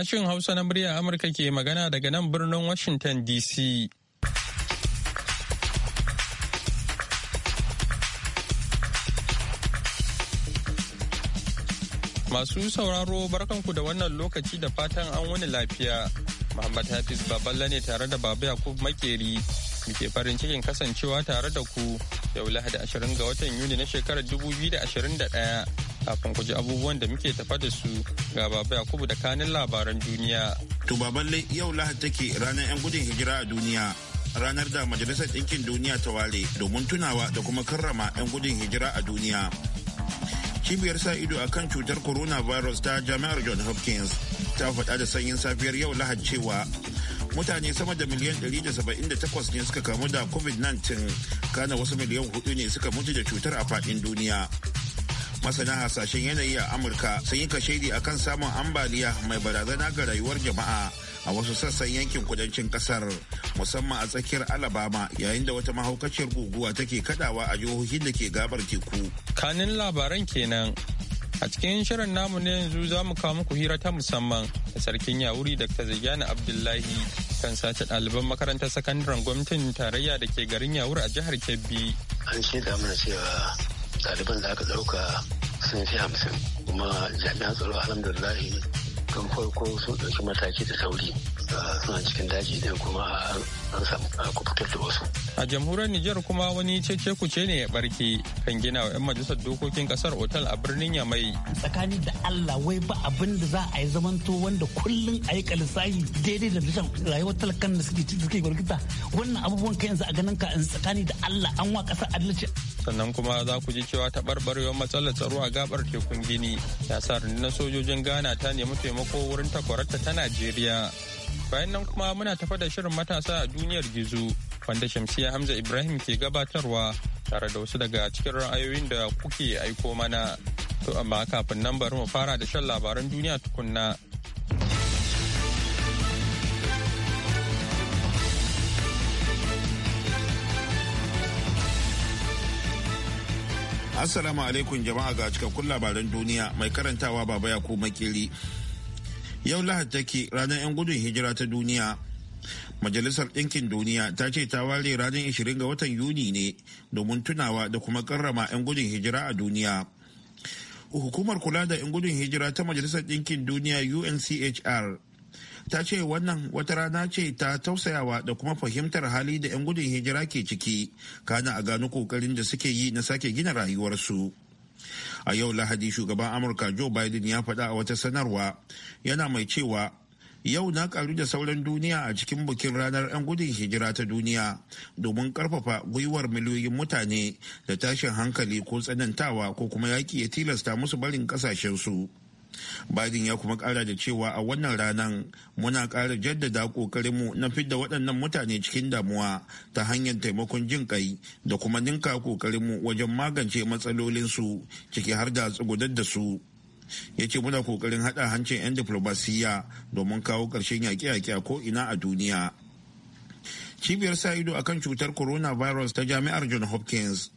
Sashin Hausa na murya Amurka ke magana daga nan birnin Washington DC. Masu sauraro barkanku da wannan lokaci da fatan an wani lafiya. Muhammad Hafiz Baballa ne tare da Baba Yakub Makeri. Muke farin cikin kasancewa tare da ku yau Lahadi 20 ga watan Yuni na shekarar 2021. kafin ku ji abubuwan da muke tafa da su ga baba yakubu da kanin labaran duniya. To baballe yau lahad take ranar 'yan gudun hijira a duniya. Ranar da Majalisar Ɗinkin Duniya ta ware domin tunawa da kuma karrama 'yan gudun hijira a duniya. Cibiyar sa ido a kan cutar coronavirus ta jami'ar John Hopkins ta faɗa da sanyin safiyar yau lahad cewa mutane sama da miliyan 178 ne suka kamu da covid-19 kana wasu miliyan hudu ne suka mutu da cutar a faɗin duniya. masana hasashen yanayi a amurka sun yi kashedi akan samun ambaliya mai barazana ga rayuwar jama'a a wasu sassan yankin kudancin kasar musamman a tsakiyar alabama yayin da wata mahaukaciyar guguwa take kadawa a jihohin da ke gabar teku kanin labaran kenan a cikin shirin namu na yanzu za mu kawo muku hira ta musamman da sarkin yawuri dr zayyana abdullahi kan sace ɗaliban makarantar sakandaren gwamnatin tarayya da ke garin yawur a jihar kebbi an shaida mana cewa ɗaliban da aka ɗauka sun fi hamsin kuma jami'an tsaro alhamdulillahi tun farko sun ɗauki mataki da sauri ah, suna cikin daji ɗin kuma an samu kubutar da wasu. A jamhuriyar Nijar kuma wani cece kuce ne ya barke kan gina wa 'yan majalisar dokokin kasar otal a birnin Yamai. Tsakani da Allah wai ba abin da za a yi zamanto wanda kullum a yi kalisahi daidai da rashin rayuwar talakan da suke suke gwargita wannan abubuwan kayan yanzu a ganin ka tsakani da Allah an wa kasar adalci. sannan kuma za ku ji cewa taɓarɓarewar matsalar tsaro a gabar tekun gini ya sa rundunar sojojin ghana ta nemi taimako wurin takwararta ta najeriya bayan nan kuma muna tafa da shirin matasa a duniyar gizo wanda shamsiya hamza ibrahim ke gabatarwa tare da wasu daga cikin ra'ayoyin da kuke aiko mana to amma kafin nan bari mu fara da shan labaran duniya tukunna Assalamu alaikum jama'a ga cikakkun labaran duniya mai karantawa baba ya ko makili. Yau lahad take ranar 'yan gudun hijira ta duniya. Majalisar Ɗinkin Duniya ta ce ta ware ranar 20 ga watan Yuni ne domin tunawa da kuma karrama 'yan gudun hijira a duniya. Hukumar kula da 'yan gudun hijira ta Majalisar Ɗinkin Duniya UNCHR ta ce wannan wata rana ce ta tausayawa da kuma fahimtar hali da 'yan gudun hijira ke ciki kana a gano kokarin da suke yi na sake gina rayuwarsu a yau lahadi shugaban amurka joe biden ya faɗa a wata sanarwa yana mai cewa yau na karu da sauran duniya a cikin bukin ranar 'yan gudun hijira ta duniya domin karfafa gwiwar miliyoyin mutane da tashin hankali ko tsanantawa ko kuma yaƙi ya tilasta musu barin ƙasashensu Biden ya kuma kara da cewa a wannan ranar muna kara jaddada ƙoƙarinmu na fidda waɗannan mutane cikin damuwa ta hanyar taimakon jin kai da kuma ninka ƙoƙarinmu wajen magance matsalolinsu ciki har da tsugudar da su. ya ce muna kokarin haɗa hancin 'yan diflomasiyya domin kawo ƙarshen yaƙe-yaƙe a ko'ina a duniya. Cibiyar sa ido akan cutar coronavirus ta jami'ar John Hopkins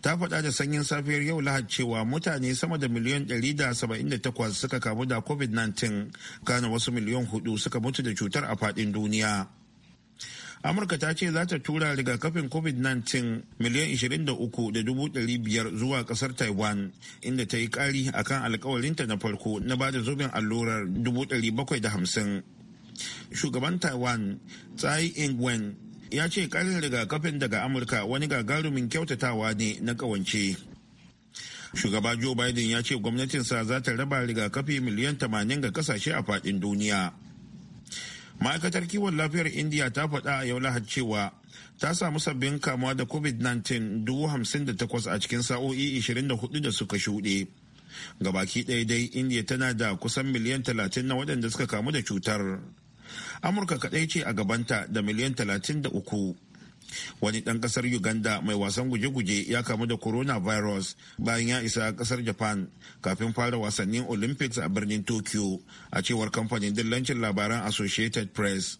ta faɗa da sanyin safiyar yau lahad cewa mutane sama da miliyan 178 suka kamu da covid-19 kana wasu miliyan hudu suka mutu da cutar a faɗin duniya amurka ta ce za ta tura rigakafin covid-19 miliyan 23,500 zuwa kasar taiwan inda ta yi ƙari kari kan alkawarinta na farko na ba da zubin allurar 750 shugaban taiwan tsayi ingwen ya ce karin rigakafin daga amurka wani gagarumin kyautatawa ne na kawance shugaba joe biden ya ce gwamnatinsa za ta raba rigakafi miliyan 80 ga kasashe a fadin duniya ma'aikatar kiwon lafiyar india ta faɗa a yau lahad cewa ta samu sabbin kamuwa da covid-19 58 a cikin sa'o'i 24 da suka shuɗe gabaki ɗaya dai india tana da kusan miliyan 30 na waɗanda suka kamu da cutar amurka kadai ce a gabanta da miliyan 33 wani ɗan ƙasar uganda mai wasan guje-guje ya kamu da coronavirus bayan ya isa ƙasar japan kafin fara wasannin olympics a birnin tokyo a cewar kamfanin dillancin labaran associated press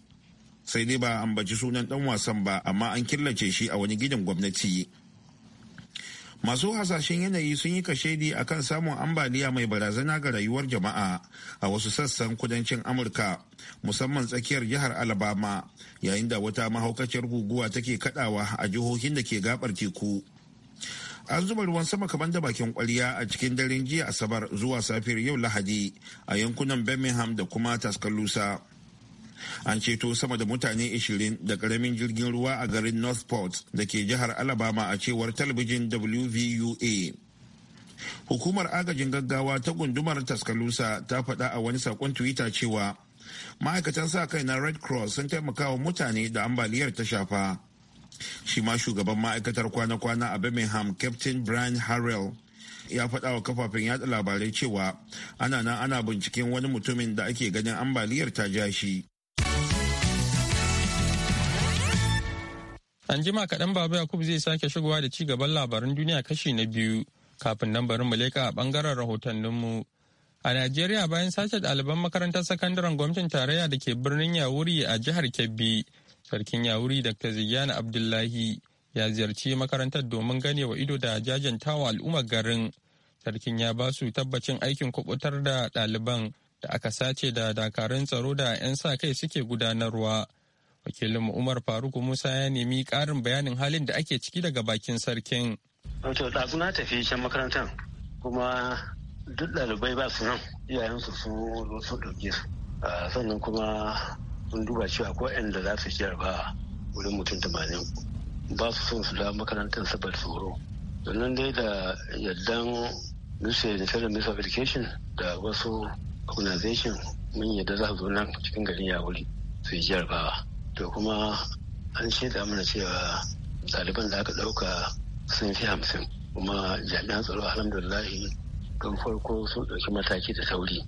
sai dai ba an baci sunan ɗan wasan ba amma an killace shi a wani gidan gwamnati masu hasashen yanayi sun yi kashedi a kan samun ambaliya mai barazana ga rayuwar jama'a a wasu sassan kudancin amurka musamman tsakiyar jihar alabama yayin da wata mahaukaciyar guguwa take kadawa a jihohin da ke gabar teku an zuba ruwan sama kamar da bakin kwarya a cikin daren jiya asabar zuwa safiyar yau lahadi a yankunan birmingham da kuma tuscaloosa an ceto sama da mutane 20 da karamin jirgin ruwa a garin northport da ke jihar alabama a cewar talabijin wvua hukumar agajin gaggawa ta gundumar taskalusa ta faɗa a wani saƙon twitter cewa ma'aikatan sa kai na red cross sun taimaka wa mutane da ambaliyar ta shafa shi ma shugaban ma'aikatar kwana-kwana a birmingham captain brian harrell ya faɗa wa kafafen yada labarai cewa ana nan ana binciken wani mutumin da ake ganin ambaliyar ta ja shi An jima kaɗan Baba Yakubu zai sake shigowa da ci gaban labaran duniya kashi na biyu kafin nan bari mu leƙa a ɓangaren rahotanninmu. A Najeriya bayan sace ɗaliban makarantar sakandaren gwamnatin tarayya da ke birnin Yawuri a jihar Kebbi, Sarkin Yawuri Dr. Ziyana Abdullahi ya ziyarci makarantar domin gane wa ido da jajantawa al'ummar garin. Sarkin ya ba su tabbacin aikin kubutar da ɗaliban da aka sace da dakarun tsaro da 'yan sa kai suke gudanarwa. wakilin umar faruk musa ya nemi ƙarin bayanin halin da ake ciki daga bakin sarkin wato ɗazu na tafi can makarantar kuma duk ɗalibai ba su nan iyayensu su su ɗauke su sannan kuma sun duba cewa ko da za su ba wurin mutum tamanin ba su son su dawo makarantar saboda tsoro sannan dai da yardan Ministry of Intelligence of Education da wasu organization mun yadda za su zo nan cikin garin ya wuri su yi jarabawa to kuma an shaida mana cewa ɗaliban da aka ɗauka sun fi hamsin kuma jami'an tsaro alhamdulillahi don farko sun ɗauki mataki da sauri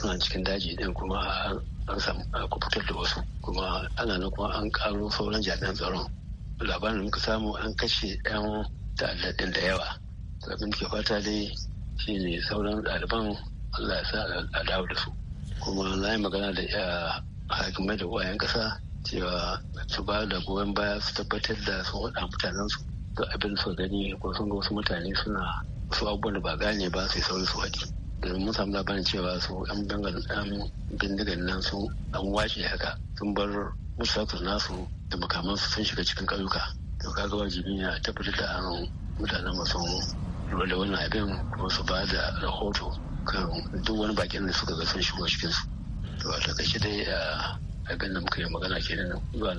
suna cikin daji ɗin kuma an samu kubutar da wasu kuma ana nan kuma an ƙaro sauran jami'an tsaron labarin muka samu an kashe ɗan ɗin da yawa abin ke fata dai ne sauran ɗaliban Allah ya sa a dawo da su kuma na yi magana da hakimai da wayan ƙasa cewa su ba da goyon baya su tabbatar da sun waɗa mutanen su da abin su gani ko sun ga wasu mutane suna su abubuwan da ba gane ba su sauri su waɗi domin mun samu labarin cewa su yan bangan bindigan nan su an wace haka sun bar musu nasu da makamansu sun shiga cikin ƙauyuka to kaga wajibi ne a tabbatar da an mutanen masu lura da wannan abin kuma su ba da rahoto kan duk wani bakin da suka ga sun shigo cikin su to a takaice dai ah, abin da zuwa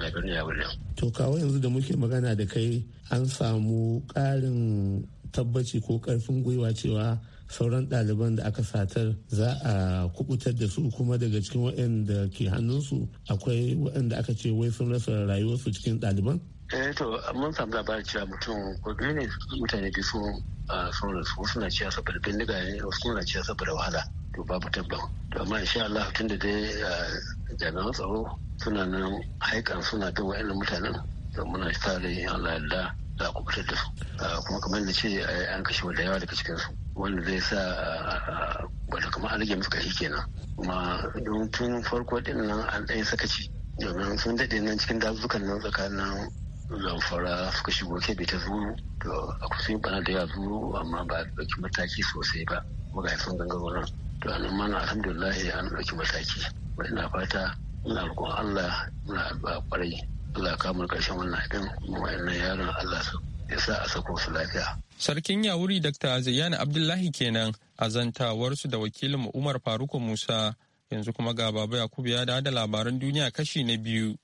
to kawo yanzu da muke magana da kai an samu ƙarin tabbaci ko ƙarfin gwiwa cewa sauran ɗaliban da aka satar za a kubutar da su kuma daga cikin waɗanda ke hannunsu akwai waɗanda aka ce wai sun rasa rayuwarsu cikin ɗaliban? eh to mun samu labarin cewa mutum ko biyu ne mutane biyu sun sun rasu wasu na cewa saboda bindiga ne wasu na cewa saboda wahala to babu tabbas to amma insha Allah tun da dai jami'an tsaro suna nan haikan suna bin wa'annan mutanen da muna sa rai Allah yarda za ku fitar da su kuma kamar da ce an kashe da yawa daga cikin su wanda zai sa wata kamar an musu kashi kenan kuma don tun farko din nan an ɗaya sakaci domin sun daɗe nan cikin dazukan nan tsakanin zamfara suka shigo ke bi ta zuru to a kusa bana da yawa zuru amma ba a ɗauki mataki sosai ba kuma ga sun gangaro nan to a nan mana alhamdulillah an ɗauki mataki ina fata ina roƙon Allah ina addu'a kwarai Allah kama ƙarshen wannan kuma wa'annan yaron Allah ya sa a sako su lafiya. Sarkin Yawuri Dr. Zayyana Abdullahi kenan a zantawarsu da wakilin Umar Faruku Musa yanzu kuma ga Baba Yakubu ya da labaran duniya kashi na biyu.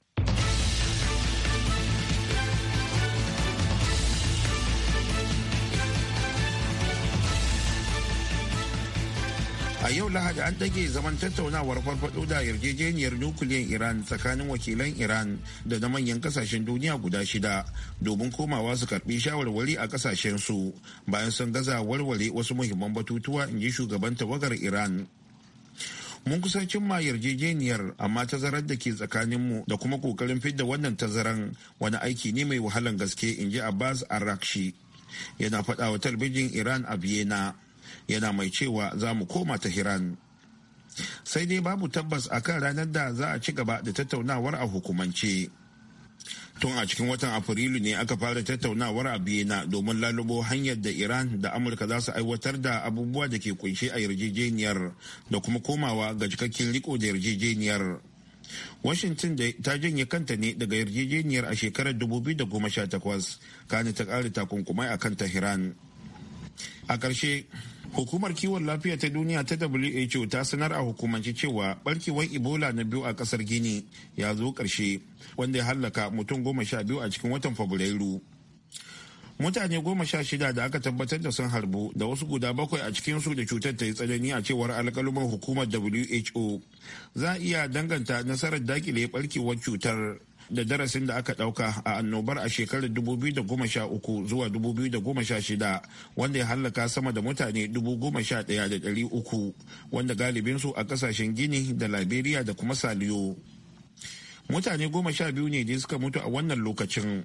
a yau lahadi an dage zaman tattaunawar farfado da yarjejeniyar nukiliyan iran tsakanin wakilan iran da na manyan kasashen duniya guda shida domin komawa su karbi shawarwari a kasashen su bayan sun gaza warware wasu muhimman batutuwa in ji shugaban tawagar iran mun kusan cimma yarjejeniyar amma tazarar da ke tsakaninmu da kuma kokarin fidda wannan tazaran wani aiki ne mai wahalan gaske in ji abbas arrakshi yana faɗa wa talbijin iran a vienna yana mai cewa za mu koma ta hiran. sai dai babu tabbas a kan ranar da za a ci gaba da tattaunawar a hukumance tun a cikin watan afrilu ne aka fara tattaunawar a biyana domin lalubo hanyar da iran da amurka za su aiwatar da abubuwa da ke kunshe a yarjejeniyar da kuma komawa ga cikakken riko da yarjejeniyar washington da ta janye kanta ne daga yarjejeniyar a shekarar 2018 kane ta kara takunkumai a kan tehran a ƙarshe Hukumar kiwon lafiya ta duniya ta WHO ta sanar a hukumance cewa barkewar Ebola na biyu a kasar Gini ya zo karshe wanda ya hallaka mutum goma sha biyu a cikin watan Fabrairu. Mutane goma sha shida da aka tabbatar da sun harbu da wasu guda bakwai a cikin su da cutar ta yi tsanani a cewar alkaluman hukumar WHO. Za a iya danganta nasarar dakile barkewar cutar da darasin da aka dauka a annobar a shekarar 2013 zuwa 2016 wanda ya hallaka sama da mutane 11,300 wanda galibinsu a kasashen gini da liberia da kuma saliyo mutane goma sha biyu ne da suka mutu a wannan lokacin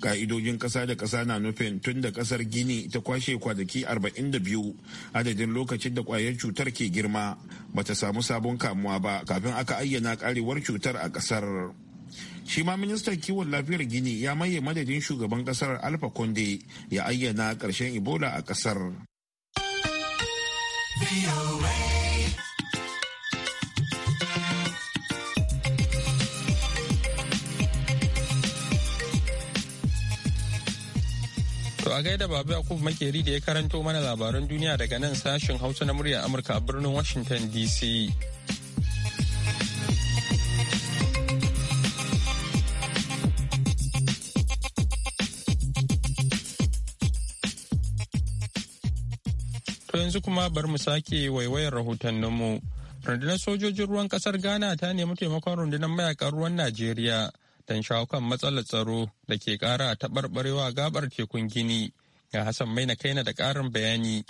ka'idojin ƙasa da ƙasa na nufin tun da ƙasar gini ta kwashe kwanaki 42 adadin lokacin da kwayar cutar ke girma bata samu sabon kamuwa ba kafin aka ayyana karewar cutar a ƙasar shi ma ministan kiwon lafiyar gini ya maye madadin shugaban kasar alfa konde ya ayyana karshen ebola a kasar To a da Babu Yakub Makeri da ya karanto mana labaran duniya daga nan sashen Hausa na murya Amurka a birnin Washington DC. To yanzu kuma bar mu sake waiwayar rahotanninmu. Rundunar sojojin ruwan kasar Ghana ta nemi taimakon rundunar mayakan ruwan Najeriya don shawo kan matsalar tsaro da ke kara taɓarɓarewa gabar tekun Gini. Ga Hassan Maina kaina da ƙarin bayani.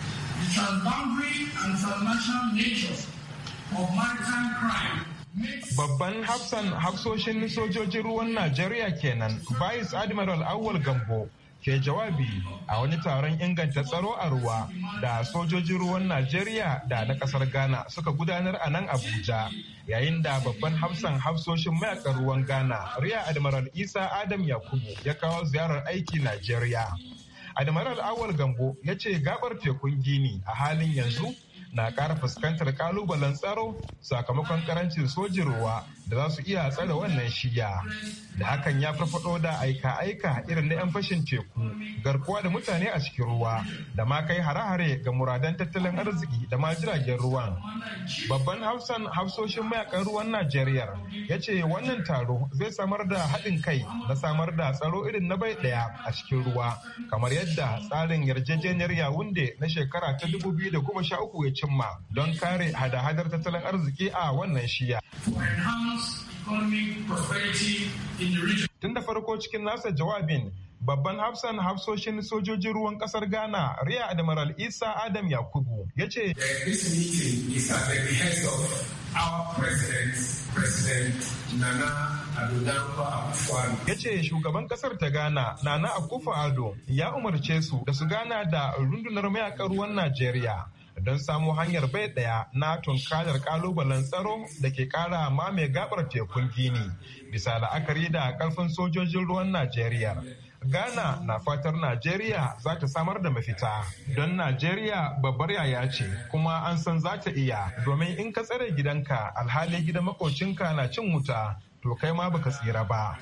Babban hafsan hafsoshin sojojin ruwan Najeriya kenan, Vice Admiral Awul Gambo, ke jawabi a wani taron inganta tsaro a ruwa da sojojin ruwan Najeriya da na kasar Ghana suka gudanar a nan Abuja yayin da babban hafsan hafsoshin mayakan ruwan Ghana Riya Admiral Isa Adam Yakubu ya kawo ziyarar aiki Najeriya. Admiral Awal Gambo ya ce gabar tekun Gini a halin yanzu na ƙara fuskantar ƙalubalen tsaro sakamakon ƙarancin sojin ruwa da za su iya tsare wannan shiya da hakan ya farfado da aika-aika irin na 'yan fashin teku garkuwa da mutane a cikin ruwa da ma kai hare-hare ga muradan tattalin arziki da ma jiragen ruwan babban hausan hafsoshin mayakan ruwan najeriya ya ce wannan taro zai samar da haɗin kai na samar da tsaro irin na bai ɗaya a cikin ruwa kamar yadda tsarin yarjejeniyar yawunde na shekara ta dubu biyu da sha uku ya cimma don kare hada-hadar tattalin arziki a wannan shiya Tun da farko cikin nasa jawabin babban hafsan hafsoshin sojojin ruwan kasar ghana riya admiral isa adam yakubu ya ce ya ce shugaban kasar ta ghana nana akufa ado ya umarce su da su gana da rundunar mayakan ruwan najeriya don samo hanyar bai daya na tunkarar kalubalen tsaro da ke kara mame gabar tekun gini bisa la'akari da karfin sojojin ruwan najeriya ghana na fatar najeriya za ta samar da mafita don najeriya babbar yaya ce kuma an san za ta iya domin in ka tsare gidanka alhali gidan makocinka na cin wuta to kai ma baka tsira ba.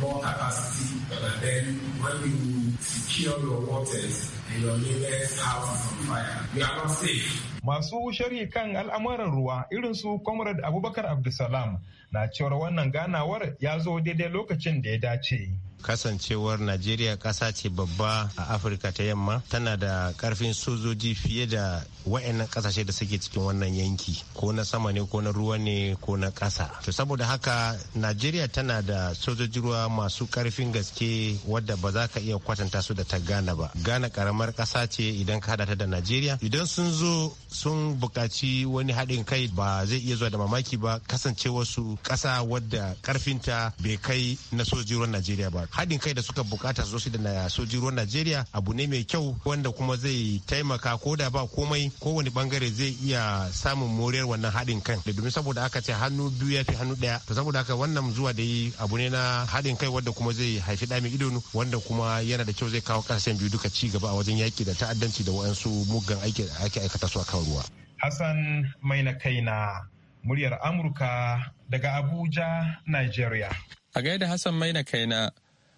more capacity, but then when you secure your waters and your neighbors' houses on fire, you are not safe. Masu shari kan al'amuran ruwa irin su Comrade Abubakar Abdulsalam na cewar wannan ganawar ya zo daidai lokacin da ya dace. kasancewar najeriya kasa ce babba a afirka ta yamma tana da karfin sojoji fiye da wa'annan kasashe da suke cikin wannan yanki ko na sama ne ko na ruwa ne ko na ƙasa to saboda haka najeriya tana da sojoji ruwa masu karfin gaske wadda ba za ka iya kwatanta su da ta gana ba gana karamar ƙasa ce idan ka hada ta da najeriya idan sun zo sun buƙaci wani haɗin kai ba zai iya zuwa da mamaki ba kasance wasu ƙasa wadda karfinta bai kai na sojoji ruwan najeriya ba haɗin kai da suka buƙata su da na sojoji ruwan najeriya abu ne mai kyau wanda kuma zai taimaka ko da ba komai Ko kowane bangare zai iya samun moriyar wannan haɗin kan da domin saboda aka ce hannu biyu ya fi hannu ɗaya to saboda haka wannan zuwa da yi abu ne na haɗin kai wanda kuma zai haifi ɗami ido. wanda kuma yana da kyau zai kawo ƙarshen biyu duka ci gaba a wajen yaƙi da ta'addanci da waɗansu muggan aiki da ake aikata su a kan ruwa. Hassan mai na kaina muryar Amurka daga Abuja, Nigeria. A gaida Hassan mai na kaina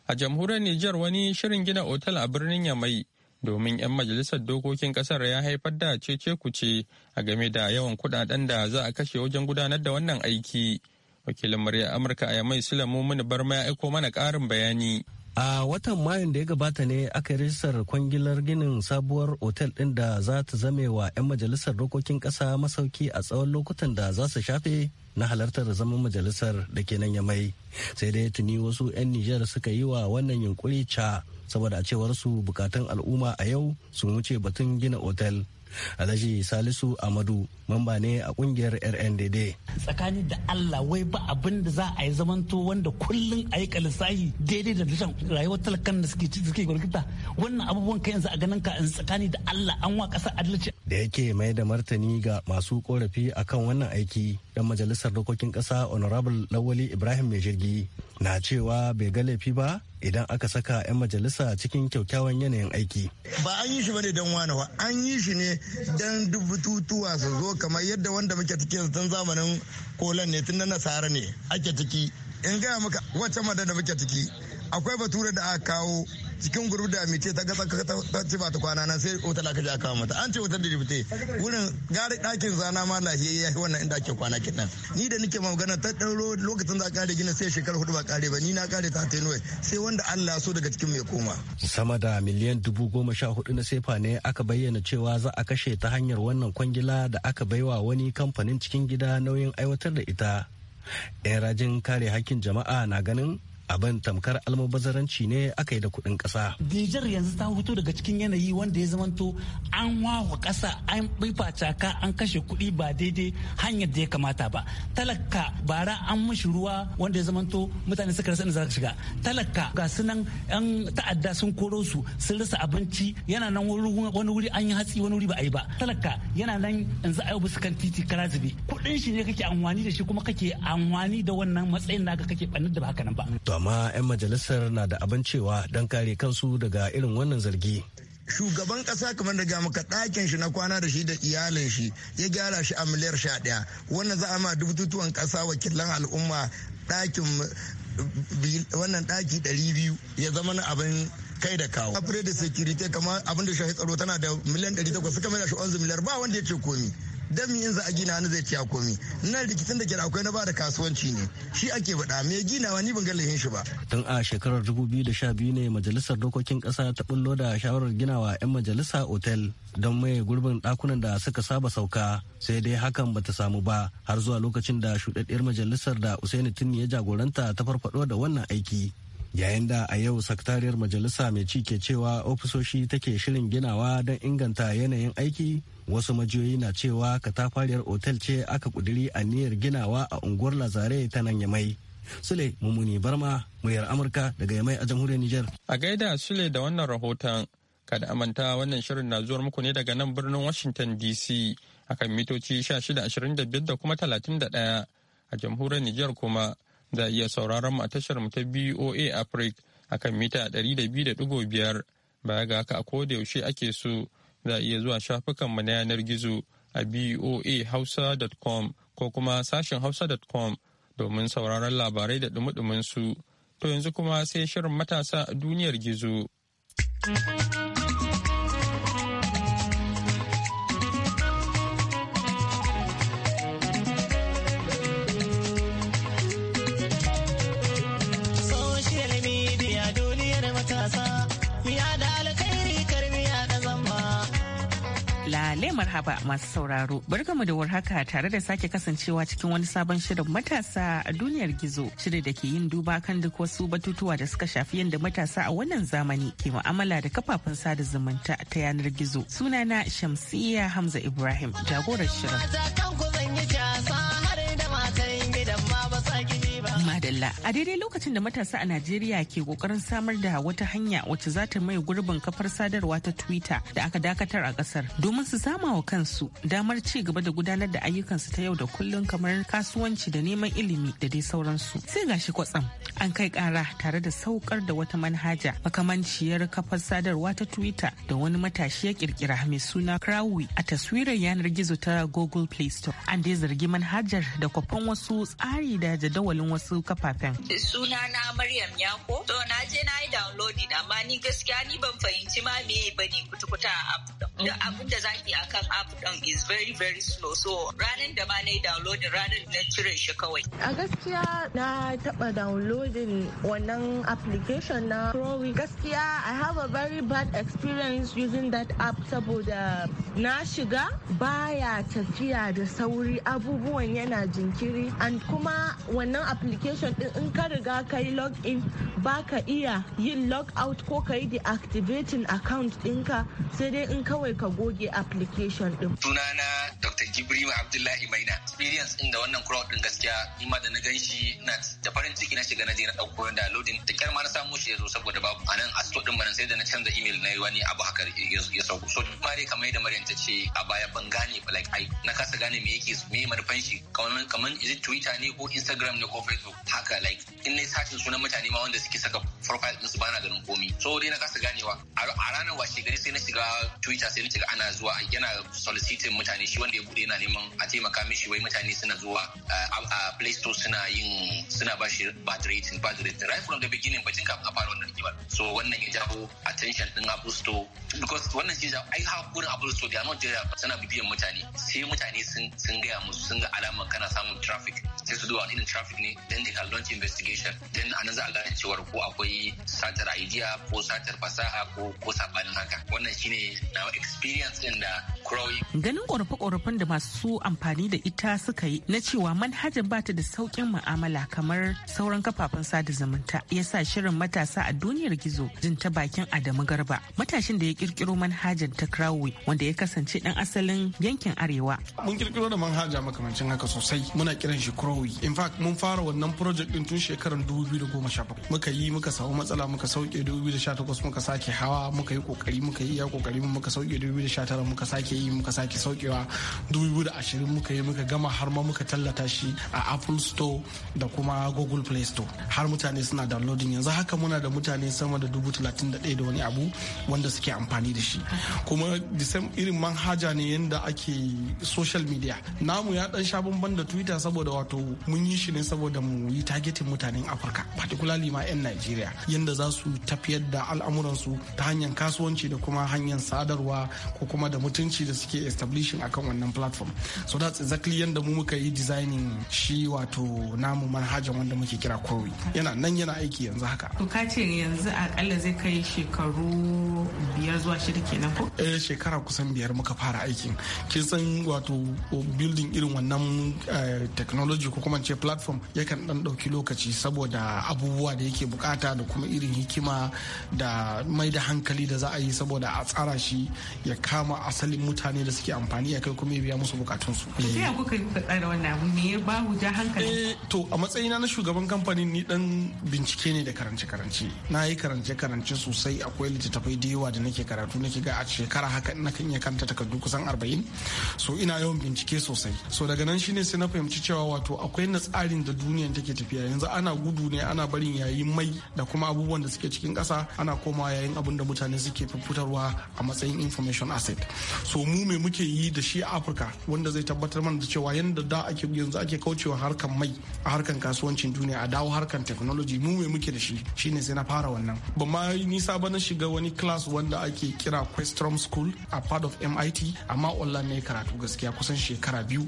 a jamhuriyar Nijar wani shirin gina otal a birnin Yamai domin 'yan majalisar dokokin kasar ya haifar da cece kuce a game da yawan kudaden da za a kashe wajen gudanar da wannan aiki wakilin murya amurka a yamai sulamu mini barma ya aiko mana karin bayani a watan mayun da ya gabata ne aka yi rajistar kwangilar ginin sabuwar otel din da za ta zame wa 'yan majalisar dokokin kasa masauki a tsawon lokutan da za su shafe na halartar zaman majalisar da ke nan yamai sai dai tuni wasu 'yan nijar suka yi wa wannan yunkuri ca saboda a cewar su bukatun al'umma a yau sun wuce batun gina otel alhaji salisu amadu mamba ne a kungiyar rndd tsakani da allah wai ba abin da za a yi zamanto wanda kullum a yi kalisahi daidai da dushen rayuwar talakan da suke suke gwargita wannan abubuwan kai yanzu a ganin ka in tsakani da allah an wa kasa adalci da yake mai da martani ga masu korafi akan wannan aiki dan majalisar dokokin kasa honorable lawali ibrahim mai jirgi na cewa bai ga laifi ba idan aka saka 'yan majalisa cikin kyakkyawan yanayin aiki. Ba an yi shi bane don wani ba, an yi shi ne don dubututuwa su zo kamar yadda wanda muke yanzu tun zamanin kolan ne tun na nasara ne ake ciki. In gaya maka wacce madada muke ciki. Akwai bature da aka kawo cikin gurbi da mai ce ta gasa ta ci ba ta kwana nan sai wutar aka ja kawo mata an ce wutar da jibte wurin gari ɗakin zana ma lahiyayya ya wannan inda ake kwana kiɗan ni da nake magana ta ɗauro lokacin a kare gina sai shekara hudu ba kare ba ni na kare ta ta yi sai wanda Allah so daga cikin mai koma. sama da miliyan dubu goma sha hudu na sefa ne aka bayyana cewa za a kashe ta hanyar wannan kwangila da aka bai wa wani kamfanin cikin gida nauyin aiwatar da ita. 'yan rajin kare hakkin jama'a na ganin abin tamkar almubazaranci ne aka yi da kuɗin ƙasa. Nijar yanzu ta fito daga cikin yanayi wanda ya zamanto an wawa ƙasa an bifa caka an kashe kuɗi ba daidai hanyar da ya kamata ba. Talaka bara an mushi ruwa wanda ya zamanto mutane suka rasa za ka shiga. Talaka ga sunan yan ta'adda sun koro su sun rasa abinci yana nan wani wuri an yi hatsi wani wuri ba a yi ba. Talaka yana nan yanzu a yau kan titi kara Kuɗin shi ne kake amfani da shi kuma kake amfani da wannan matsayin naka kake ɓannin da ba haka nan ba. amma 'yan majalisar na da abin cewa don kare kansu daga irin wannan zargi. shugaban kasa kamar da maka ɗakin shi na kwana da shi da iyalin shi ya gyara shi a miliyar sha ɗaya wannan za a ma dubututuwan kasa wakilan al'umma ɗakin wannan ɗaki ɗari biyu ya zama na abin kai da kawo. Afirka da security kamar abin da shahi tsaro tana da miliyan takwas suka mai da shi 11 miliyar ba wanda ya ce komi. dan mi in za a gina ni zai tiya komi ina rikicin da ke akwai na bada kasuwanci ne shi ake faɗa me ginawa ni ban lahin shi ba tun a shekarar 2012 ne majalisar dokokin kasa ta bullo da shawarar ginawa 'yan majalisa otel don maye gurbin ɗakunan da suka saba sauka sai dai hakan bata samu ba har zuwa lokacin da shuɗaɗɗiyar majalisar da Usaini tuni ya jagoranta ta farfaɗo da wannan aiki yayin da a yau sakatariyar majalisa mai ci ke cewa ofisoshi take shirin ginawa don inganta yanayin aiki wasu majiyoyi na cewa katafariyar otel ce aka kuduri niyyar ginawa a unguwar lazare ta nan yamai sule mummuni barma muryar amurka daga yamai a jamhuriyar niger a gaida sule da wannan rahoton kada amanta wannan shirin na zuwar muku ne daga nan birnin washington dc akan mitoci 1625 da kuma 31 a jamhuriyar niger kuma za iya sauraron mu a tashar mu ta boa africa akan mita 200.5 baya ga haka a koda yaushe ake so za a iya zuwa shafukanmu na yanar gizo a boahausa.com ko kuma sashen hausa.com domin sauraron labarai da dumi su. To yanzu kuma sai shirin matasa a duniyar gizo. marhaba masu sauraro. Barkamu da warhaka tare da sake kasancewa cikin wani sabon shirin matasa a duniyar gizo. Shirin da ke yin duba kan duk wasu batutuwa da suka shafi yadda matasa a wannan zamani ke mu'amala da kafafen sada zumunta ta yanar gizo. Sunana Shamsiyya Hamza Ibrahim jagorar shirin. Dalla. A daidai lokacin da matasa a Najeriya ke kokarin samar da wata hanya wacce za ta mai gurbin kafar sadarwa ta Twitter da aka dakatar a kasar domin su sama wa kansu damar ci gaba da gudanar da ayyukansu ta yau da kullum kamar kasuwanci da neman ilimi da dai sauransu. Sai gashi kwatsam an kai kara tare da saukar da wata manhaja makamanciyar kafar sadarwa ta Twitter da wani matashi ya kirkira mai suna Crowley a taswirar yanar gizo ta Google Play Store. An dai zargi manhajar da kwafan wasu tsari da jadawalin wasu kafafen. Suna na Maryam Yako. To na je na yi downloading amma ni gaskiya ni ban fahimci ma me bane kutukuta a app din. Da mm. abin da zaki akan app din is very very slow. So ranar da ma na yi downloading ranar na cire shi kawai. A gaskiya na taba downloading wannan application na Crowy. Gaskiya a have a very bad experience using that app saboda na shiga baya tafiya da sauri abubuwan yana jinkiri and kuma wannan application din in ka riga ka yi login baka iya yin log out ko ka yi deactivating account dinka sai dai in kawai ka goge application din. Sunana Dr. Gibrima Abdullahi Maina. Experience din da wannan crowd din gaskiya ni ma da na gan shi na da farin ciki na shiga na je na ɗauko da loading da kyar ma na samu shi ya zo saboda babu a nan a din lamarin sai da na canza email na wani abu haka ya sauko so duk mare kamar yadda Maryam ta ce a baya ban gane ba like ai na kasa gane me yake me manufan shi kamar kamar is Twitter ne ko Instagram ne ko Facebook haka like in nayi sacin sunan mutane ma wanda suke saka profile din su bana ganin komi so dai na kasa ganewa a ranar washe gari sai na shiga Twitter sai na shiga ana zuwa yana soliciting mutane shi wanda ya bude yana neman a taimaka mishi wai mutane suna zuwa eh, a Play Store suna yin suna bashi bad rating bad rating right from the beginning bacin kafin a fara wannan rigimar so wannan ya jawo samu attention din Apple Store because wannan shi ai gurin Apple Store da not jira suna bibiyan mutane sai mutane sun sun ga mu sun ga alamar kana samun traffic sai su duba wani irin traffic ne then they can launch investigation then a nan za a gane cewar ko akwai satar idea ko satar fasaha ko ko sabanin haka wannan shine na experience din da crowley ganin korafe-korafen da masu amfani da ita suka yi na cewa manhajar bata da saukin mu'amala kamar sauran kafafen sada zumunta yasa shirin matasa a duniyar gizo jin ta bakin Adamu Garba matashin da ya kirkiro manhajar ta Crowley wanda ya kasance dan asalin yankin Arewa mun kirkiro da manhaja makamancin haka sosai muna kiran shi Crowley Norway. In fact mun fara wannan project din tun shekarar 2017. Muka yi muka samu matsala muka sauke 2018 muka sake hawa muka yi kokari muka yi ya kokari muka sauke 2019 muka sake yi muka sake saukewa 2020 muka yi muka gama har ma muka tallata shi a Apple Store da kuma Google Play Store. Har mutane suna downloading yanzu haka muna da mutane sama da dubu talatin da ɗaya da wani abu wanda suke amfani da shi kuma irin manhaja ne yadda ake social media namu ya dan sha bamban da twitter saboda wato mun yi shi ne saboda mu yi targetin mutanen afirka particularly ma 'yan najeriya yadda za su tafiyar da al'amuransu ta hanyar kasuwanci da kuma hanyar sadarwa ko kuma da mutunci da suke establishing akan wannan platform so that's exactly yadda mu muka yi designing shi wato namu manhajan wanda muke kira kowi yana nan yana aiki yanzu haka to ka ce yanzu akalla zai kai shekaru biyar zuwa shida kenan ko eh shekara kusan biyar muka fara aikin kin san wato building irin wannan eh, technology ko kuma ce platform yakan dan ɗauki lokaci saboda abubuwa da yake bukata da kuma irin hikima da mai da hankali da za a yi saboda a tsara shi ya kama asalin mutane da suke amfani ya kai kuma ya biya musu bukatunsu. ya kuka yi tsara wannan abu me ya ba ja hankali? Eh, to a matsayina na shugaban kamfanin ni dan bincike ne da karance-karance. Na yi karance-karance sosai akwai littattafai da yawa da nake karatu nake ga a shekara haka ina kan iya kanta takardu kusan arba'in so ina yawan bincike sosai. So daga nan shine sai na fahimci cewa wato akwai na tsarin da duniyan take tafiya yanzu ana gudu ne ana barin yayin mai da kuma abubuwan da suke cikin ƙasa ana komawa yayin abin da mutane suke fitarwa a matsayin information asset so mu me muke yi da shi a afirka wanda zai tabbatar mana da cewa yanda da ake yanzu ake kaucewa harkan mai a harkan kasuwancin duniya a dawo harkan technology mu me muke da shi shine sai na fara wannan ba ma nisa ba na shiga wani class wanda ake kira Questrom School a part of MIT amma online ne karatu gaskiya kusan shekara biyu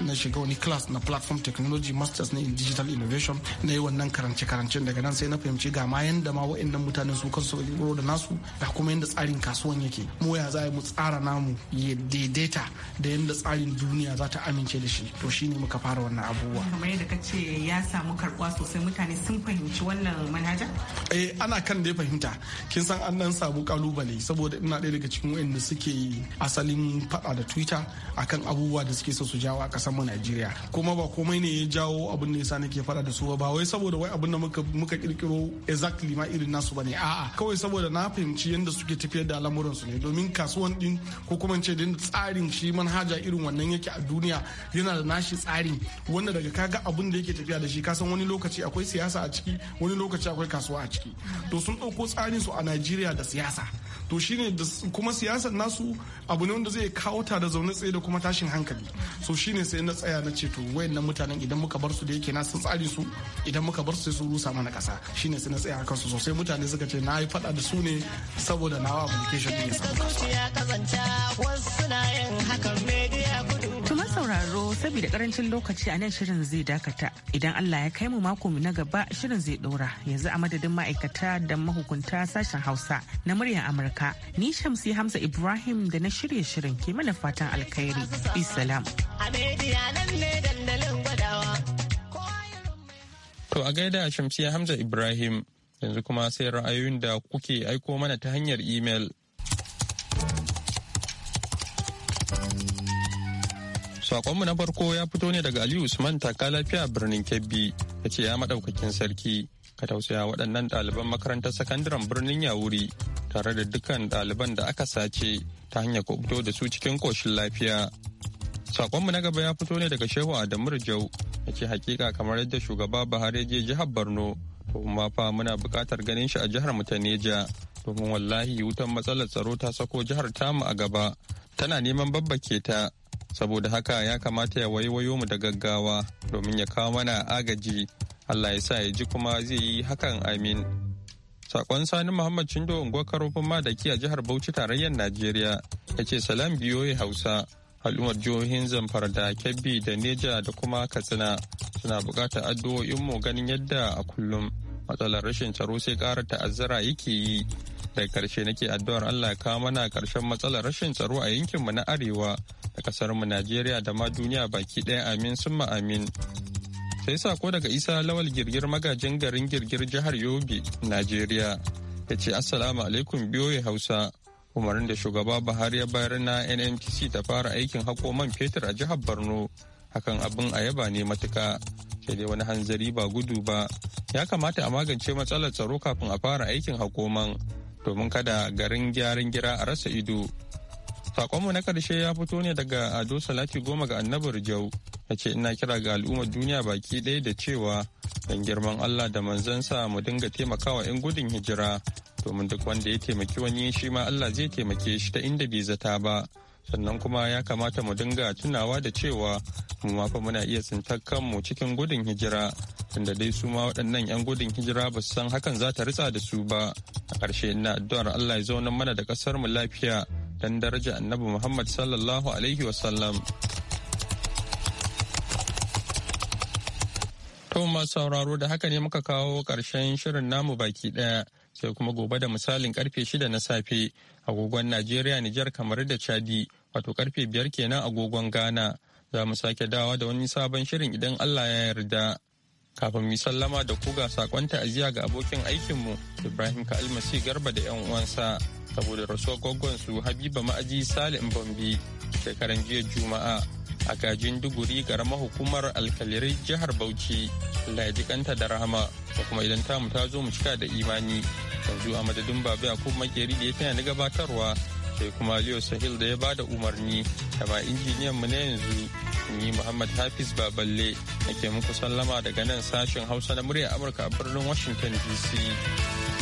na shiga wani class na platform technology technology masters ne in digital innovation na yi wannan karance karancen daga nan sai na fahimci ga ma yanda ma wa'annan mutanen su kansu kirkiro da nasu da kuma yanda tsarin kasuwan yake mu ya za mu tsara namu ya daidaita da yanda tsarin duniya za ta amince da shi to shine muka fara wannan abubuwa kamar yadda kace ya samu karbuwa sosai mutane sun fahimci wannan manhaja eh ana kan da ya fahimta kin san an dan samu kalubale saboda ina ɗaya daga cikin wa'anda suke asalin fada da twitter akan abubuwa da suke so su jawo a kasar mu Najeriya kuma ba komai komai ne ya jawo abin da yasa nake fada da su ba wai saboda wai abin da muka muka kirkiro exactly ma irin nasu bane a'a kawai saboda na fahimci yanda suke tafiyar da al'amuran su ne domin kasuwan din ko kuma ce din tsarin shi manhaja irin wannan yake a duniya yana da nashi tsarin wanda daga kaga abin da yake tafiya da shi kasan wani lokaci akwai siyasa a ciki wani lokaci akwai kasuwa a ciki to sun ɗauko tsarin su a Najeriya da siyasa to shine kuma siyasar nasu abu ne wanda zai kawo ta da zaune tsaye da kuma tashin hankali so shine sai na tsaya na ce to wayannan mutanen idan muka bar su da yake na sun tsari su idan muka bar su sai su rusa mana kasa shine sai na tsaya kan su sosai mutane suka ce na yi fada da su ne saboda nawa application din ya samu kasuwa. sauraro saboda karancin lokaci a nan shirin zai dakata idan Allah ya kai mu mako na gaba shirin zai ɗora yanzu a madadin ma'aikata da mahukunta sashen Hausa na muryar Amurka ni Shamsi Hamza Ibrahim da na shirya shirin ke mana fatan alkhairi bisalam. To a gaida shamsi Hamza Ibrahim yanzu kuma sai ra'ayoyin da kuke aiko mana ta hanyar imel. Sakonmu na farko ya fito ne daga Aliyu Usman taka lafiya birnin Kebbi ta ce ya maɗaukakin sarki ka tausaya waɗannan ɗaliban makarantar sakandaren birnin Yawuri tare da dukkan ɗaliban da aka sace ta hanyar kubuto da su cikin koshin lafiya. Sakonmu na gaba ya fito ne daga Shehu Adamu Rijau ya ce hakika kamar yadda shugaba Buhari ya je jihar Borno to ma muna buƙatar ganin shi a jihar mu ta Neja domin wallahi wutan matsalar tsaro ta sako jihar tamu a gaba tana neman babbake ta saboda haka ya kamata ya waiwayo mu da gaggawa domin ya kawo mana agaji allah ya sa ya ji kuma zai yi hakan amin sakon sani muhammad cindo unguwar karofin madaki a jihar bauchi tarayyar najeriya ya ce salam biyoyi hausa al'ummar jihohin zamfara da kebbi da neja da kuma katsina suna buƙatar addu'o'inmu ganin yadda a kullum matsalar rashin tsaro sai ƙara ta'azzara yake yi daga karshe nake addu'ar allah ya kawo mana karshen matsalar rashin tsaro a yankinmu na arewa a ƙasarmu Najeriya da ma duniya baki ɗaya amin summa amin. Sai sa ko daga Isa Lawal Girgir magajin garin Girgir jihar Yobe, Najeriya. Ya ce Assalamu alaikum biyoyi Hausa. Umarin da shugaba Buhari ya bayar na NNPC ta fara aikin hako fetur a jihar Borno. Hakan abin a yaba ne matuka. Sai dai wani hanzari ba gudu ba. Ya kamata a magance matsalar tsaro kafin a fara aikin hako man. Domin kada garin gyaran gira a rasa ido. Sakonmu na karshe ya fito ne daga Ado Salati Goma ga Annabar Jau, ya ce ina kira ga al'ummar duniya baki ɗaya da cewa don girman Allah da manzansa mu dinga taimakawa 'yan gudun hijira domin duk wanda ya taimaki wani shi ma Allah zai taimake shi ta inda bai zata ba. Sannan kuma ya kamata mu dinga tunawa da cewa mu ma fa muna iya tsintar kanmu cikin gudun hijira tunda dai su ma waɗannan 'yan gudun hijira ba san hakan za ta ritsa da su ba. A ƙarshe ina addu'ar Allah ya zauna mana da ƙasarmu lafiya. dan daraja annabi Muhammad sallallahu Alaihi wasallam. To sauraro da haka ne muka kawo ƙarshen shirin namu baki ɗaya sai kuma gobe da misalin karfe shida na safe agogon Najeriya Nijar kamar da Chadi wato karfe biyar kenan agogon Ghana za mu sake dawa da wani sabon shirin idan Allah ya yarda. Kafin mu sallama da ku ga sakon ta'aziyya ga abokin aikinmu Ibrahim Ka'almasi Garba da 'yan uwansa. saboda rasuwar gwaggon su habiba ma'aji salim bambi shekaran jiya juma'a a gajin duguri garama hukumar alkalirai jihar bauchi allah ya jikanta da rahama da kuma idan tamu ta zo mu cika da imani yanzu a madadin babu yakub makeri da ya tana na gabatarwa sai kuma leo sahil da ya ba da umarni da ma injiniyan mu na yanzu ni muhammad hafiz baballe ake muku sallama daga nan sashen hausa na murya amurka a birnin washington dc